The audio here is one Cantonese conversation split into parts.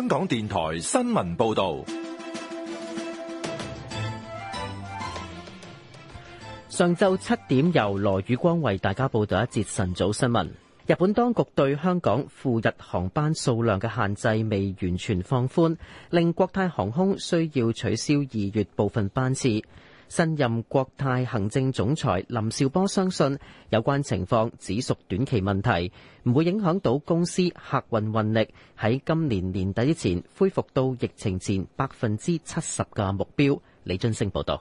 香港電台新聞報道：上晝七點，由羅宇光為大家報道一節晨早新聞。日本當局對香港赴日航班數量嘅限制未完全放寬，令國泰航空需要取消二月部分班次。新任國泰行政總裁林紹波相信有關情況只屬短期問題，唔會影響到公司客運運力喺今年年底之前恢復到疫情前百分之七十嘅目標。李津升報道。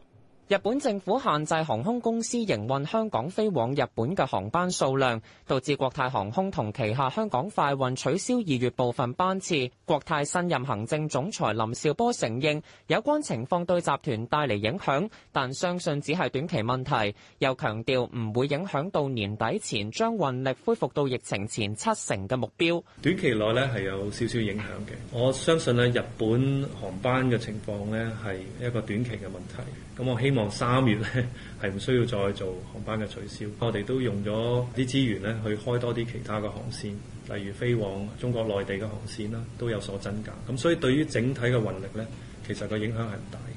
日本政府限制航空公司營運香港飛往日本嘅航班數量，導致國泰航空同旗下香港快運取消二月部分班次。國泰新任行政總裁林紹波承認有關情況對集團帶嚟影響，但相信只係短期問題，又強調唔會影響到年底前將運力恢復到疫情前七成嘅目標。短期內咧係有少少影響嘅，我相信咧日本航班嘅情況咧係一個短期嘅問題，咁我希望。三月咧，係唔需要再做航班嘅取消。我哋都用咗啲資源咧，去開多啲其他嘅航線，例如飛往中國內地嘅航線啦，都有所增加。咁所以對於整體嘅運力咧，其實個影響係唔大嘅。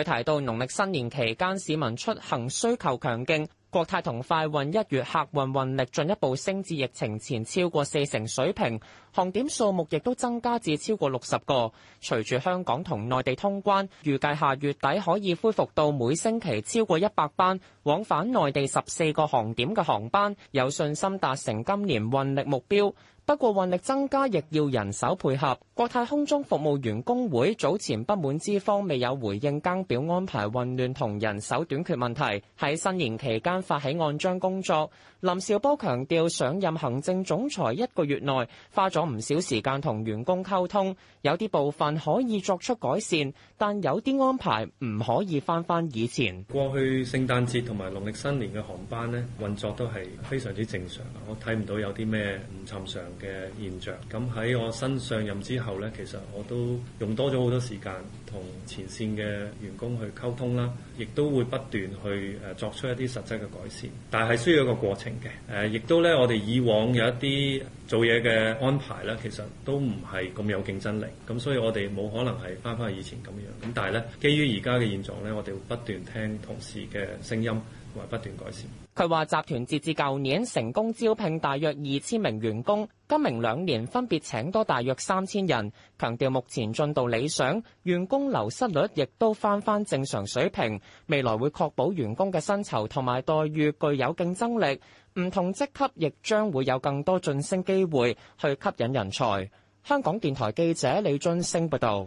佢提到，農曆新年期間市民出行需求強勁，國泰同快運一月客運運力進一步升至疫情前，前超過四成水平。航點數目亦都增加至超過六十個，隨住香港同內地通關，預計下月底可以恢復到每星期超過一百班往返內地十四個航點嘅航班，有信心達成今年運力目標。不過運力增加亦要人手配合。國泰空中服務員工會早前不滿資方未有回應更表安排混亂同人手短缺問題，喺新年期間發起按章工作。林紹波強調上任行政總裁一個月內花咗。唔少時間同員工溝通，有啲部分可以作出改善，但有啲安排唔可以返返以前。過去聖誕節同埋農曆新年嘅航班呢，運作都係非常之正常。我睇唔到有啲咩唔尋常嘅現象。咁喺我新上任之後呢，其實我都用多咗好多時間同前線嘅員工去溝通啦，亦都會不斷去誒作出一啲實質嘅改善，但係需要一個過程嘅。誒，亦都咧，我哋以往有一啲。做嘢嘅安排咧，其實都唔係咁有競爭力，咁所以我哋冇可能係翻返去以前咁樣。咁但係咧，基於而家嘅現狀咧，我哋會不斷聽同事嘅聲音。佢話：不斷改善，集團截至舊年成功招聘大約二千名員工，今明兩年分別請多大約三千人。強調目前進度理想，員工流失率亦都返返正常水平。未來會確保員工嘅薪酬同埋待遇具有競爭力，唔同職級亦將會有更多晉升機會去吸引人才。香港電台記者李俊升報道。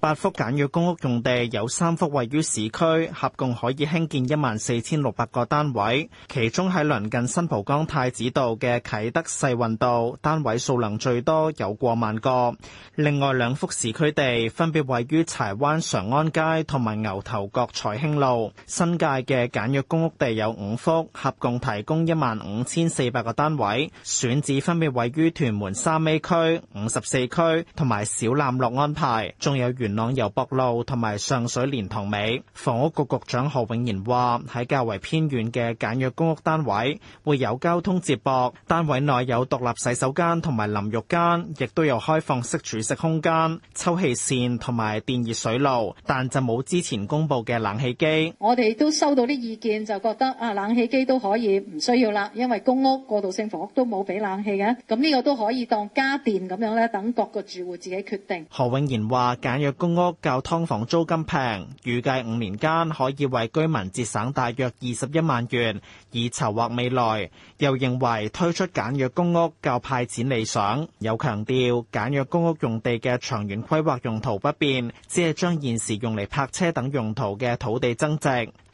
八幅簡約公屋用地有三幅位於市區，合共可以興建一萬四千六百個單位，其中喺鄰近新蒲崗太子道嘅啟德世運道單位數量最多，有過萬個。另外兩幅市區地分別位於柴灣常安街同埋牛頭角財興路。新界嘅簡約公屋地有五幅，合共提供一萬五千四百個單位，選址分別位於屯門三 A 區、五十四區同埋小欖樂安排，仲有原。元朗攸壆路同埋上水蓮塘尾，房屋局局長何永賢話：喺較為偏遠嘅簡約公屋單位會有交通接駁，單位內有獨立洗手間同埋淋浴間，亦都有開放式煮食空間、抽氣扇同埋電熱水爐，但就冇之前公布嘅冷氣機。我哋都收到啲意見，就覺得啊，冷氣機都可以唔需要啦，因為公屋過渡性房屋都冇俾冷氣嘅，咁呢個都可以當家電咁樣咧，等各個住戶自己決定。何永賢話：簡約公屋較劏房租金平，預計五年間可以為居民節省大約二十一萬元，以籌劃未來。又認為推出簡約公屋較派錢理想。有強調簡約公屋用地嘅長遠規劃用途不變，只係將現時用嚟泊車等用途嘅土地增值。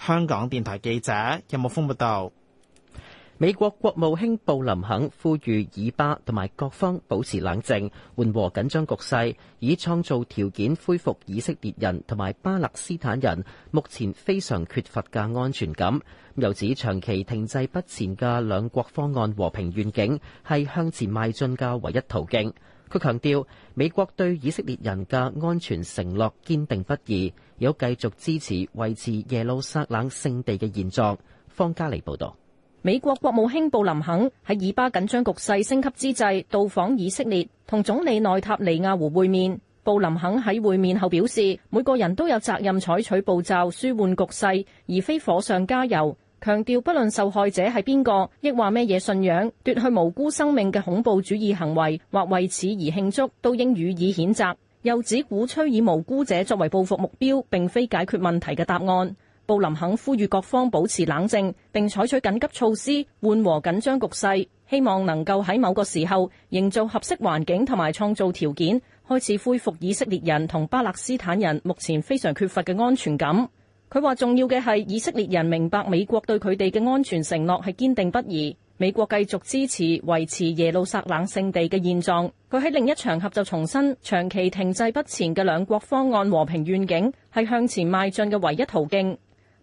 香港電台記者任木風報道。美國國務卿布林肯呼籲以巴同埋各方保持冷靜，緩和緊張局勢，以創造條件恢復以色列人同埋巴勒斯坦人目前非常缺乏嘅安全感。由此，長期停滯不前嘅兩國方案和平願景係向前邁進嘅唯一途徑。佢強調，美國對以色列人嘅安全承諾堅定不移，有繼續支持維持耶路撒冷聖地嘅現狀。方嘉莉報導。美國國務卿布林肯喺以巴緊張局勢升級之際到訪以色列，同總理內塔尼亞胡會面。布林肯喺會面後表示，每個人都有責任採取步驟舒緩局勢，而非火上加油。強調不論受害者係邊個，亦話咩嘢信仰，奪去無辜生命嘅恐怖主義行為或為此而慶祝，都應予以譴責。又指鼓吹以無辜者作為報復目標，並非解決問題嘅答案。布林肯呼籲各方保持冷靜，並採取緊急措施，緩和緊張局勢，希望能夠喺某個時候營造合適環境同埋創造條件，開始恢復以色列人同巴勒斯坦人目前非常缺乏嘅安全感。佢話重要嘅係以色列人明白美國對佢哋嘅安全承諾係堅定不移，美國繼續支持維持耶路撒冷聖地嘅現狀。佢喺另一場合就重申，長期停滯不前嘅兩國方案和平願景係向前邁進嘅唯一途徑。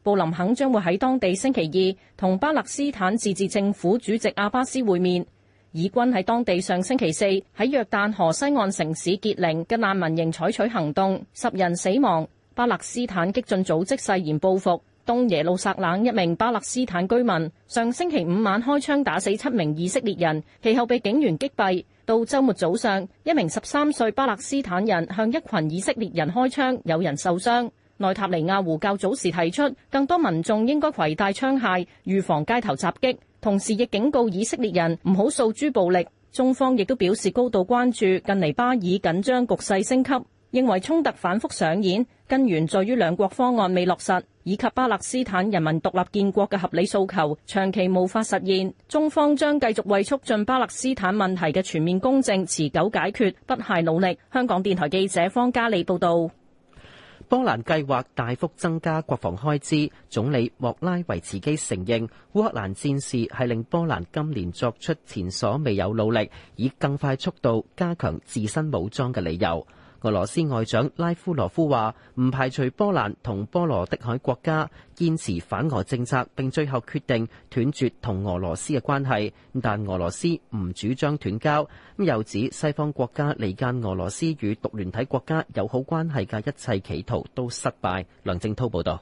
布林肯將會喺當地星期二同巴勒斯坦自治政府主席阿巴斯會面。以軍喺當地上星期四喺約旦河西岸城市傑寧嘅難民營採取行動，十人死亡。巴勒斯坦激進組織誓言報復。東耶路撒冷一名巴勒斯坦居民上星期五晚開槍打死七名以色列人，其後被警員擊斃。到週末早上，一名十三歲巴勒斯坦人向一群以色列人開槍，有人受傷。內塔尼亞胡較早時提出，更多民眾應該携帶槍械預防街頭襲擊，同時亦警告以色列人唔好訴諸暴力。中方亦都表示高度關注近嚟巴以緊張局勢升級，認為衝突反覆上演根源在於兩國方案未落實，以及巴勒斯坦人民獨立建國嘅合理訴求長期無法實現。中方將繼續為促進巴勒斯坦問題嘅全面公正持久解決不懈努力。香港電台記者方嘉利報道。波蘭計劃大幅增加國防開支，總理莫拉維茨基承認烏克蘭戰事係令波蘭今年作出前所未有努力，以更快速度加強自身武裝嘅理由。俄羅斯外長拉夫羅夫話：唔排除波蘭同波羅的海國家堅持反俄政策，並最後決定斷絕同俄羅斯嘅關係。但俄羅斯唔主張斷交。又指西方國家離間俄羅斯與獨聯體國家友好關係嘅一切企圖都失敗。梁正滔報道。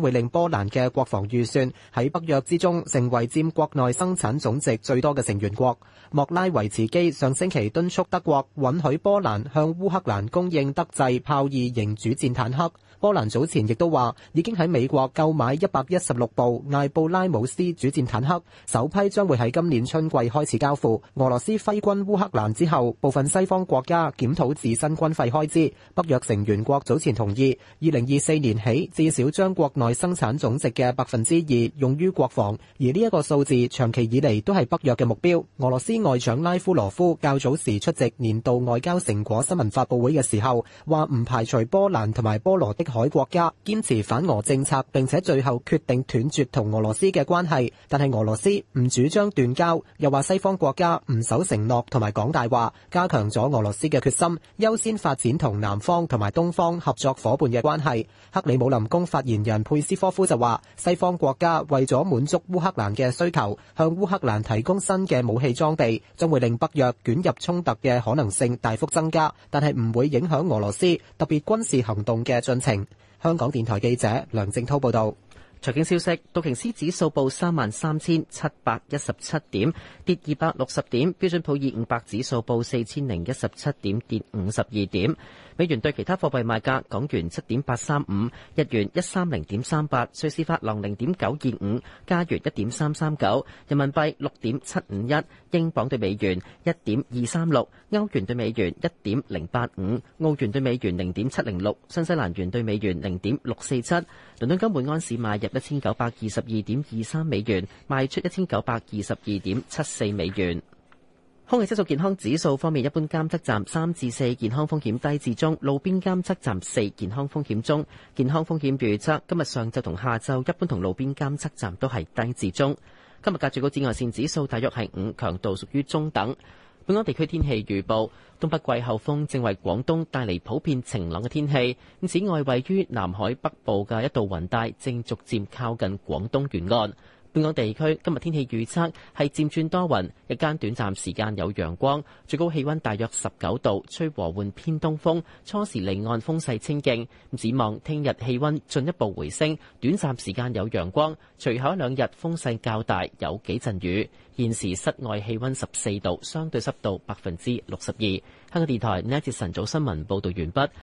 會令波蘭嘅國防預算喺北約之中成為佔國內生產總值最多嘅成員國。莫拉維茨基上星期敦促德國允許波蘭向烏克蘭供應德製豹二型主戰坦克。波蘭早前亦都話，已經喺美國購買一百一十六部艾布拉姆斯主戰坦克，首批將會喺今年春季開始交付。俄羅斯揮軍烏克蘭之後，部分西方國家檢討自身軍費開支。北約成員國早前同意，二零二四年起至少將國內生產總值嘅百分之二用於國防，而呢一個數字長期以嚟都係北約嘅目標。俄羅斯外長拉夫羅夫較早時出席年度外交成果新聞發布會嘅時候，話唔排除波蘭同埋波羅的海國家堅持反俄政策，並且最後決定斷絕同俄羅斯嘅關係。但係俄羅斯唔主張斷交，又話西方國家唔守承諾同埋講大話，加強咗俄羅斯嘅決心，優先發展同南方同埋東方合作夥伴嘅關係。克里姆林宮發言人佩斯科夫就話，西方國家為咗滿足烏克蘭嘅需求，向烏克蘭提供新嘅武器裝備，將會令北約捲入衝突嘅可能性大幅增加，但係唔會影響俄羅斯特別軍事行動嘅進程。香港電台記者梁正濤報道。財經消息：道瓊斯指數報三萬三千七百一十七點，跌二百六十點；標準普爾五百指數報四千零一十七點，跌五十二點。美元對其他貨幣賣價：港元七點八三五，日元一三零點三八，瑞士法郎零點九二五，加元一點三三九，人民幣六點七五一，英鎊對美元一點二三六，歐元對美元一點零八五，澳元對美元零點七零六，新西蘭元對美元零點六四七。倫敦金每安士賣入一千九百二十二點二三美元賣出，一千九百二十二點七四美元。空氣質素健康指數方面，一般監測站三至四，健康風險低至中；路邊監測站四，健康風險中。健康風險預測今日上晝同下晝，一般同路邊監測站都係低至中。今日嘅最高紫外線指數大約係五，強度屬於中等。本港地區天氣預報，東北季候風正為廣東帶嚟普遍晴朗嘅天氣。此外，位於南海北部嘅一道雲帶正逐漸靠近廣東沿岸。本港地區今日天氣預測係漸轉多雲，日間短暫時間有陽光，最高氣溫大約十九度，吹和緩偏東風，初時離岸風勢清勁。展望聽日氣溫進一步回升，短暫時間有陽光，隨後一兩日風勢較大，有幾陣雨。現時室外氣溫十四度，相對濕度百分之六十二。香港電台呢一節晨早新聞報道完畢。